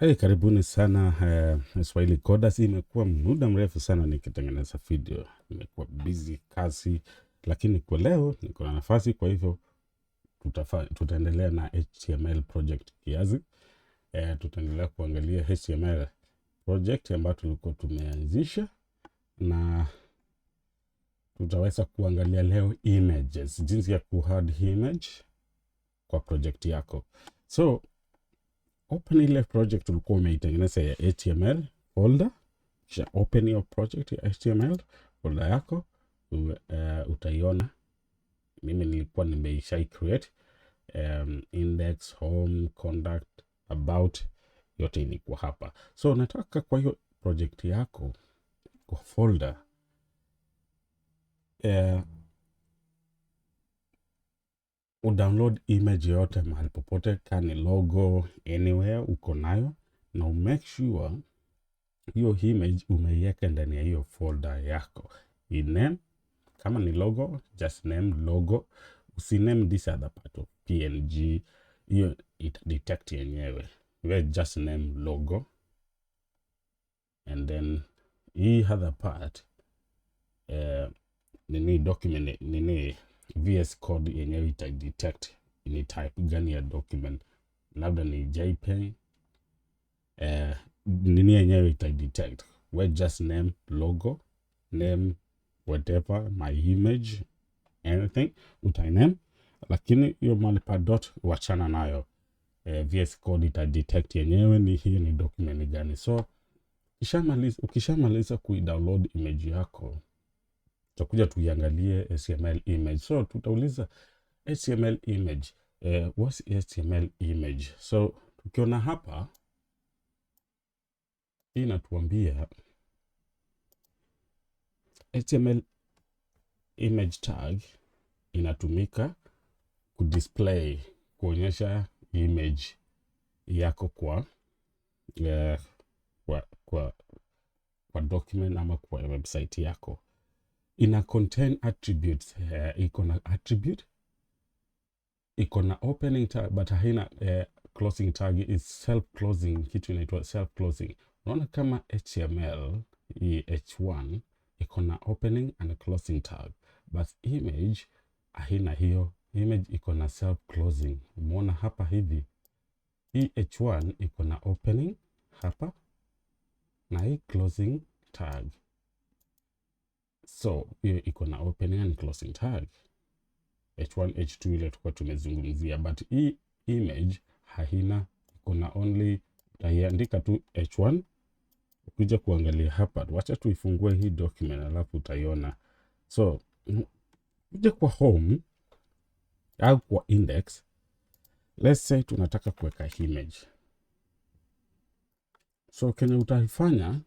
Hey, karibuni sana uh, Swahili Coders. Imekuwa muda mrefu sana nikitengeneza video, imekuwa busy kazi, lakini kwa leo niko na nafasi, kwa hivyo tutaendelea na HTML project kiasi. Uh, tutaendelea kuangalia HTML project ambayo tulikuwa tumeanzisha na tutaweza kuangalia leo images, jinsi ya kuhard image kwa project yako so open ile project ulikuwa umeitengeneza ya HTML folder, kisha open your project ya HTML folder yako u, uh, eh, utaiona. Mimi nilikuwa nimeishai create um, index, home, conduct about, yote ilikuwa hapa. So nataka kwa hiyo project yako kwa folder uh, udownload image yoyote mahali popote, kani logo anywhere uko nayo, na umake sure hiyo image umeiweka ndani ya hiyo folder yako. name. kama ni logo, just name logo, usiname this other part of png, hiyo ita detect yenyewe. We just name logo and then hii other part uh, nini document nini VS Code yenyewe itaidetect ni type gani ya document, labda ni JPEG eh, nini yenyewe itaidetect we just name logo name whatever my image anything utainame, lakini hiyo mali pa dot wachana nayo. Eh, VS Code ita detect yenyewe ni hiyo ni document gani. So ukishamaliza ukishamaliza ku download image yako tutakuja tuiangalie HTML image. So tutauliza HTML image. Uh, what's HTML image? So tukiona hapa hii inatuambia HTML image tag inatumika kudisplay, kuonyesha image yako kwa, uh, kwa, kwa, kwa document ama kwa website yako ina contain attributes uh, iko na attribute iko na opening tag but haina uh, closing tag, is self closing, kitu inaitwa self closing. Unaona kama HTML hii h1 iko na opening and closing tag, but image haina hiyo. Image iko na self closing. Umeona hapa hivi, hii h1 iko na opening hapa na hii closing tag So hiyo iko na opening and closing tag h1 h2, ile tulikuwa tumezungumzia, but hii image haina, kuna only utaiandika tu h1. Ukija kuangalia hapa, wacha tuifungue hii document alafu utaiona. So kuja kwa home au kwa index, let's say tunataka kuweka image, so kenye utaifanya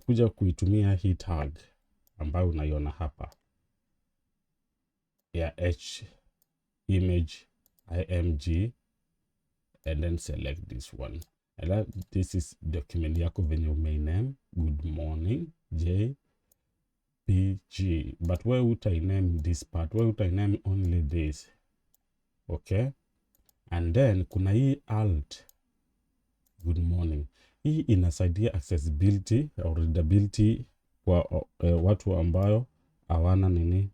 kuja kuitumia hii tag ambayo unaiona hapa ya h image img and then select this one Ala, this is document yako venye umeiname good morning j pg but we utainame this part we utainame only this okay and then kuna hii alt good morning hii inasaidia accessibility au readability kwa e, watu ambayo hawana nini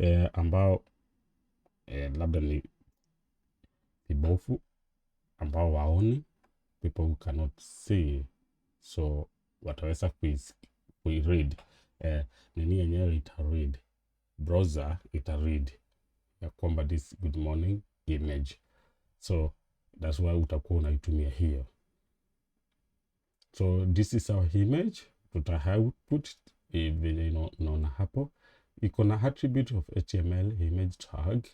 e, ambao e, labda ni vibofu ambao waoni, people who cannot see, so wataweza kuiread e, nini yenyewe read browser read ya kwamba this good morning image, so that's why utakuwa unaitumia hiyo. So this is our image, tuta output vile inaona hapo iko na attribute of HTML image tag.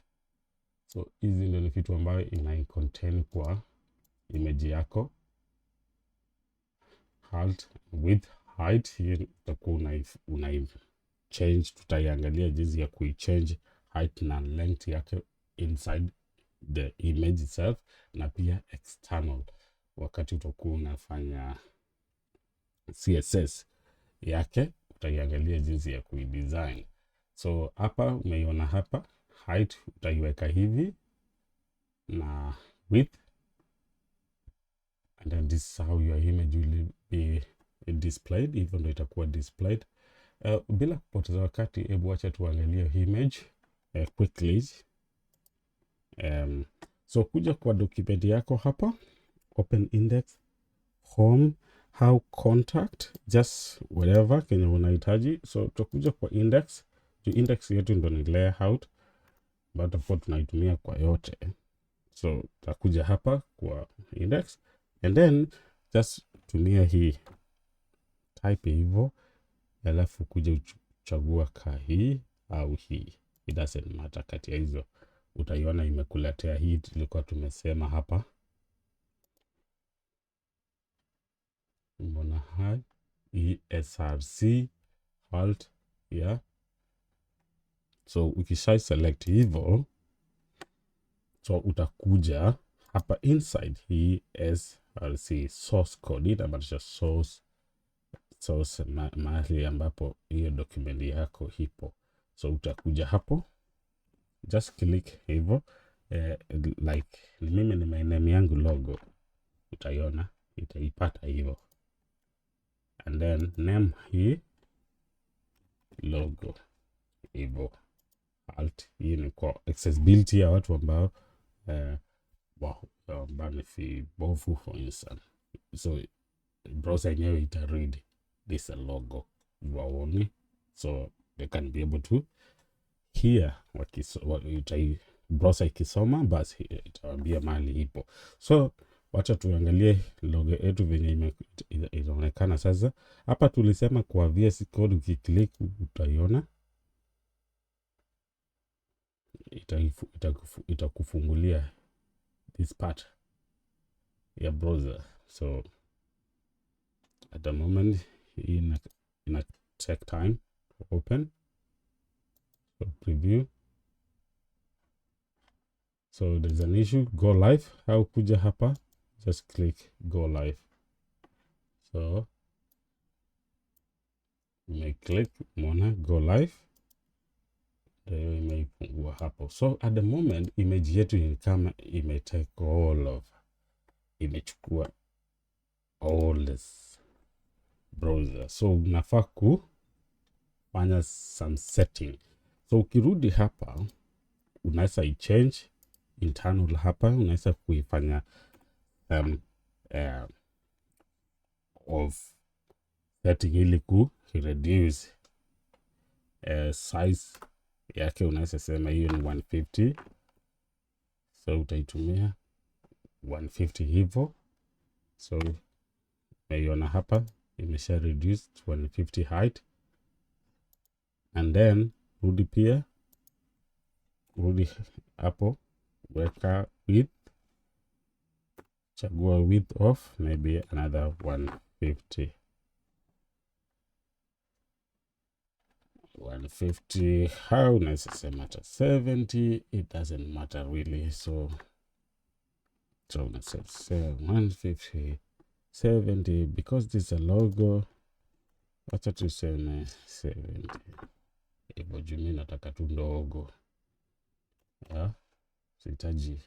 So hizi ndio ni vitu ambayo ina contain kwa image yako. Alt width height, hiyo utakuwa una, una change, tutaiangalia jinsi ya kuichange height na length yake inside the image itself na pia external, wakati utakuwa unafanya CSS yake, utaiangalia jinsi ya kuidesign. So hapa umeiona hapa, height utaiweka hivi na width, and then this is how your image will be displayed. Hivyo ndo itakuwa displayed. Uh, bila kupoteza wakati, hebu acha tuangalie image uh, quickly. Um, so kuja kwa document yako hapa, open index home how contact just whatever kenye unahitaji. So tutakuja kwa index juu index yetu ndo ni layout, but of tunaitumia kwa yote. So tutakuja hapa kwa index and then just tumia hii type hivyo, alafu kuja uchagua ka hii au hii, it doesn't matter kati ya hizo, utaiona imekuletea hii tulikuwa tumesema hapa. mbona hai esrc alt yeah. So ukisha select hivyo, so utakuja hapa inside hii e src source code, inamaanisha source source mahali ambapo hiyo dokumenti yako hipo So utakuja hapo just click hivyo eh, like mimi nime name yangu logo, utaiona itaipata hivyo and then name hii logo hivyo. Alt hii ni kwa accessibility ya watu ambao eh, ambao fi bofu for instance, so browser yenyewe ita read this logo waone, so they can be able to hear browser ikisoma, basi itawambia mali ipo so Wacha tuangalie logo yetu venye inaonekana sasa. Hapa tulisema kwa VS Code ukiklik utaiona, itakufungulia this part ya browser. So at the moment hii ina, ina take time to open so preview so there's an issue go live au kuja hapa just click go live so may click mona go live may imeipungua hapo so at the moment image yetu kama imetake all of imechukua all this browser so unafaa kufanya some setting so ukirudi hapa unaweza ichange internal hapa unaweza kuifanya um, uh, of setting ili ku reduce uh, size yake, unaweza sema hiyo ni 150, so utaitumia 150 hivyo. So meiona hapa imesha reduce 150 height, and then rudi pia, rudi hapo, weka width chagua width of maybe another 150 150 how nice is unasema matter 70 it doesn't matter really so so let's say 150 70 because this is a logo wacha tuseme 70 hivyo juu mi nataka tu ndogo sihitaji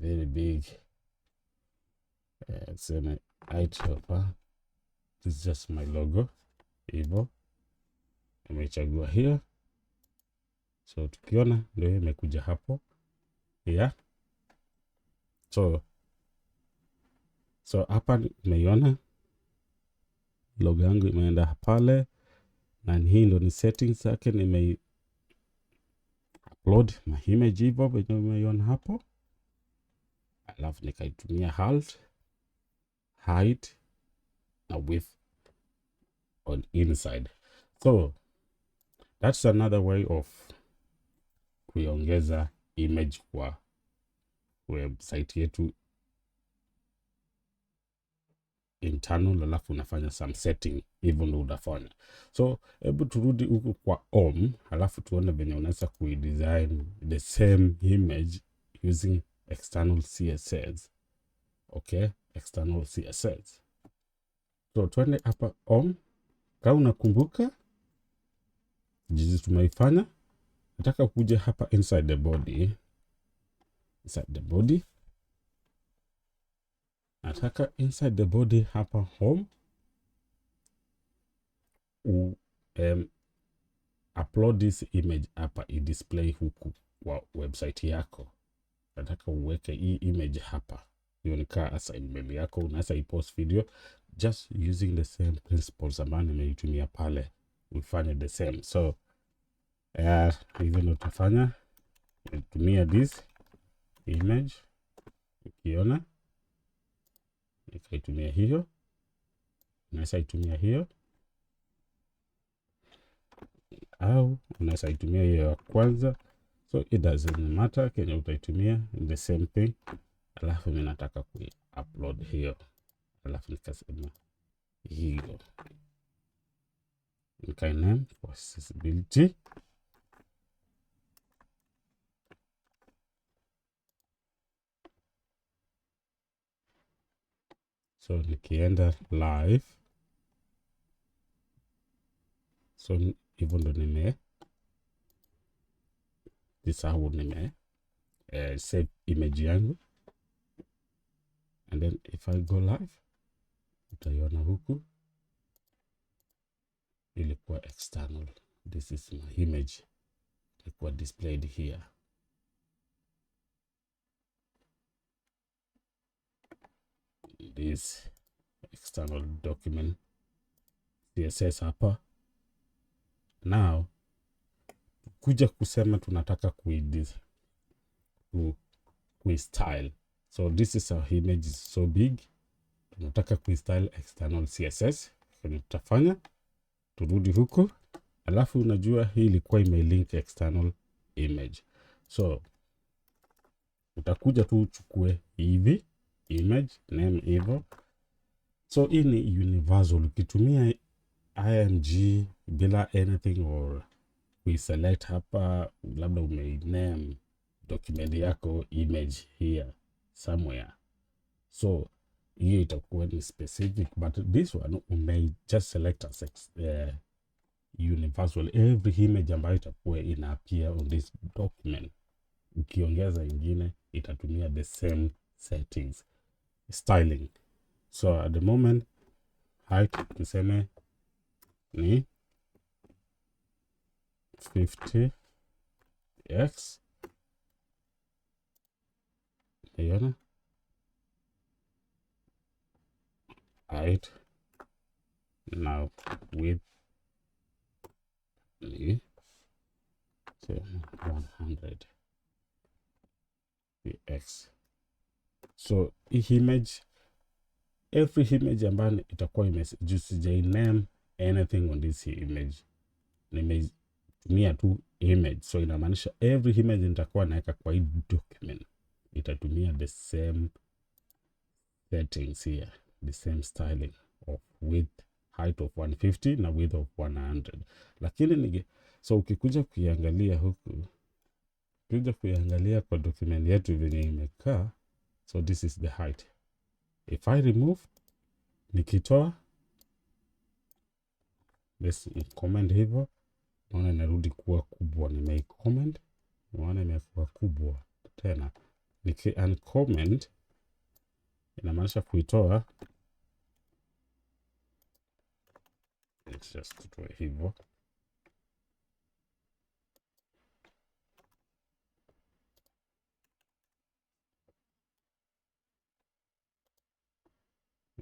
very big eh, tuseme itopa, this is just my logo hivyo, nimechagua hiyo. So tukiona ndio imekuja hapo yeah. So so hapa nimeiona logo yangu imeenda pale, na hii ndo ni settings zake. Nime upload my image hivyo imeiona hapo, alafu nikaitumia halt height a width on inside so that's another way of kuiongeza image kwa website yetu internal, alafu unafanya some setting, hivyo ndo unafanya. So hebu turudi huku kwa home, alafu tuone venye unaweza kuidesign the same image using external CSS. Okay external CSS. So twende hapa home, kama unakumbuka jinsi tumeifanya, nataka kuja hapa inside the body, inside the body, nataka inside the body hapa home u, um, upload this image hapa i display huku wa website yako. Nataka uweke hii image hapa ionikaa hasa email yako, unaweza ipost video just using the same principles ambayo nimeitumia pale, ufanye the same. So eh, hivyo ndo tutafanya, nitumia this image, ukiona nikaitumia hiyo, unaweza itumia hiyo au unaweza itumia hiyo ya kwanza, so it doesn't matter kenye utaitumia, the same thing alafu mimi nataka kuupload hiyo, alafu nikasema hiyo nikainame kwa accessibility so nikienda live so hivyo ndo nime disahau nime eh, save image yangu and then if I go live utaiona huku ilikuwa external. This is my image ilikuwa displayed here. This external document CSS hapa. Now kuja kusema tunataka kui, ku, style So this is our image is so big. Tunataka kuinstall external CSS kwenye tutafanya, turudi huko, alafu unajua hii ilikuwa imelink external image, so utakuja tu uchukue hivi image name hivyo. So hii ni universal, ukitumia img bila anything or kuiselect hapa, labda umename document yako image here somewhere. So hiyo itakuwa ni specific, but this one may just select as uh, universal every image ambayo itakuwa ina appear on this document. Ukiongeza ingine itatumia the same settings. Styling, so at the moment height tuseme ni 50 x Right. Now na width ni 100 px. So image every image ambayo itakuwa just j name anything on this image, nimetumia tu image, so inamaanisha every image nitakuwa naweka kwa hii document itatumia the same settings here, the same styling of width height of 150 na width of 100. Lakini nige, so ukikuja kuiangalia huku, ukikuja kuiangalia kwa document yetu venye imekaa, so this is the height. If I remove, nikitoa basi comment hivyo, naona inarudi kuwa kubwa. Nimei comment, naona imekuwa kubwa tena niki uncomment inamaanisha kuitoa Let's tutoe hivyo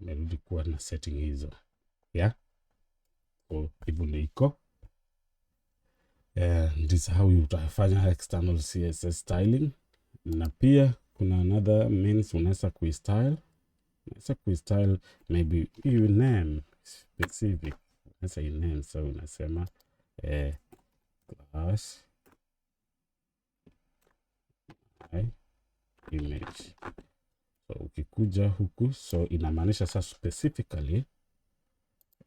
imerudi kuwa na setting hizo yeah? hivyo ndio iko and eh, this how you utafanya external css styling na pia kuna another means unaweza kuistyle, unaweza kuistyle maybe you name specific, unaweza you name, so unasema eh, class okay, image. So ukikuja huku, so inamaanisha sasa specifically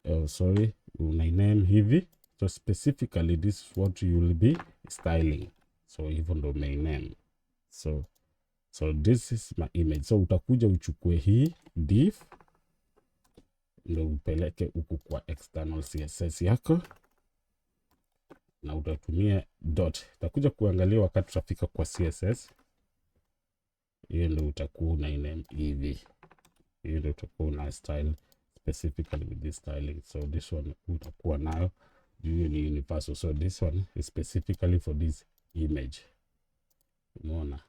oh, sorry, name hivi so specifically this is what you will be styling, so hivyo ndo name so, so this is my image. So utakuja uchukue hii div ndo upeleke huku kwa external CSS yako na utatumia dot. Utakuja kuangalia wakati utafika kwa CSS hiyo, ndo utakuwa una name hivi. E hiyo ndo utakuwa una style specifically with this styling. So this one utakuwa nayo juu ni universal. So this one is specifically for this image. Umeona,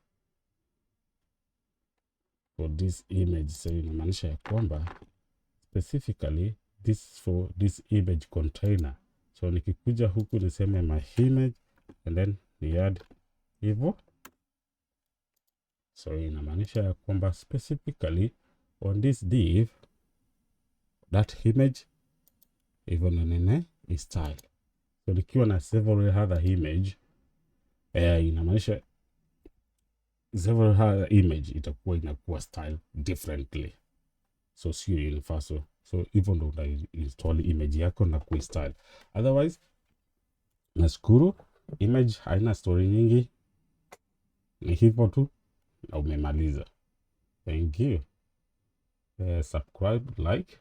for this image. Sasa inamaanisha ya kwamba specifically this for this image container. So nikikuja huku niseme my image and then ni add hivyo, so inamaanisha ya kwamba specifically on this div that image hivyo nanene is style. So nikiwa na several other image eh, inamaanisha several her image itakuwa inakuwa style differently, so sio universal. So hivyo ndo una install image yako na style Otherwise nashukuru, image haina story nyingi, ni hivyo tu na umemaliza. Thank you. Uh, subscribe, like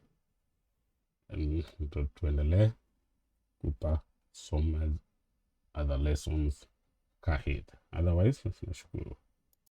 and tuendelee kupa some other lessons kahit. Otherwise nashukuru.